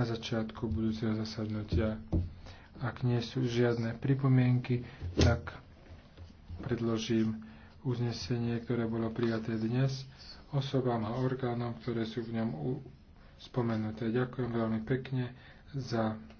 na začiatku budúceho zasadnutia. Ak nie sú žiadne pripomienky, tak predložím uznesenie, ktoré bolo prijaté dnes osobám a orgánom, ktoré sú v ňom spomenuté. Ďakujem veľmi pekne za